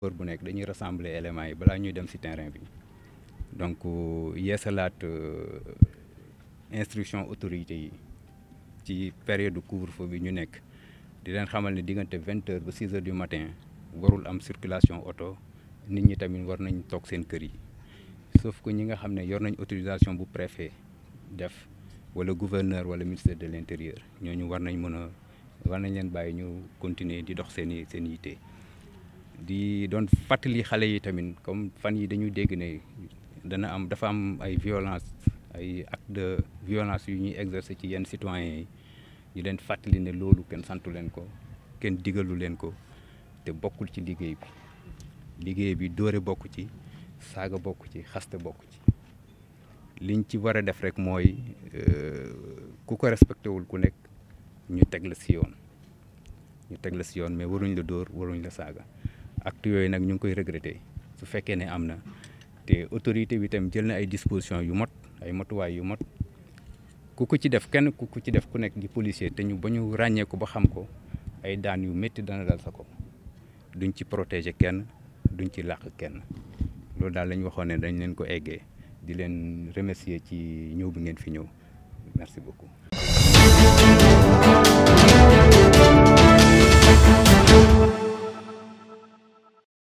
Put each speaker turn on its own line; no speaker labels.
pour bu nek dañuy rassembler éléments yi bala ñuy dem ci terrain bi donc euh, yeesalaat euh, instruction autorité yi ci période de couvre-feu bi ñu nek di leen xamal ni diggante 20h ba 6h du matin warul am circulation auto nit ñi tamit war nañ tok seen kër yi sauf que ñi nga xamné yor nañ autorisation bu préfet def wala gouverneur wala ministère de l'intérieur Nous war nañ mëna war nañ leen bàyyi ñu continuer di dox seen seen yité di doon fàttali xale yi tamit comme fan yi dañu dégg ne dana am dafa am ay violence ay acte de violence yu ñuy exercer ci yenn citoyens yi ñu leen fàttali ne loolu kenn santu leen ko kenn digalu leen ko te bokkul ci liggéey bi liggéey bi dóore bokk ci saaga bokk ci xaste bokk ci liñ ci war a def rek mooy euh, ku ko respecté wul ku nekk ñu teg la si yoon ñu teg la si yoon mais waruñ la dóor waruñ la saaga acte yooyu nag ñu ngi koy regretter su fekkee ne am na te autorité bi tam jël na ay dispositions yu mot ay motuwaay yu mot ku ko ci def kenn ku ko ci def ku nekk di policier te ñu ba ñu ràññee ko ba xam ko ay daan yu métti dana dal sa ko duñ ci protéger kenn duñ ci làq kenn loolu daal la waxoon ne dañ leen ko eggee di leen remercier ci ñëw bi ngeen fi ñëw merci beaucoup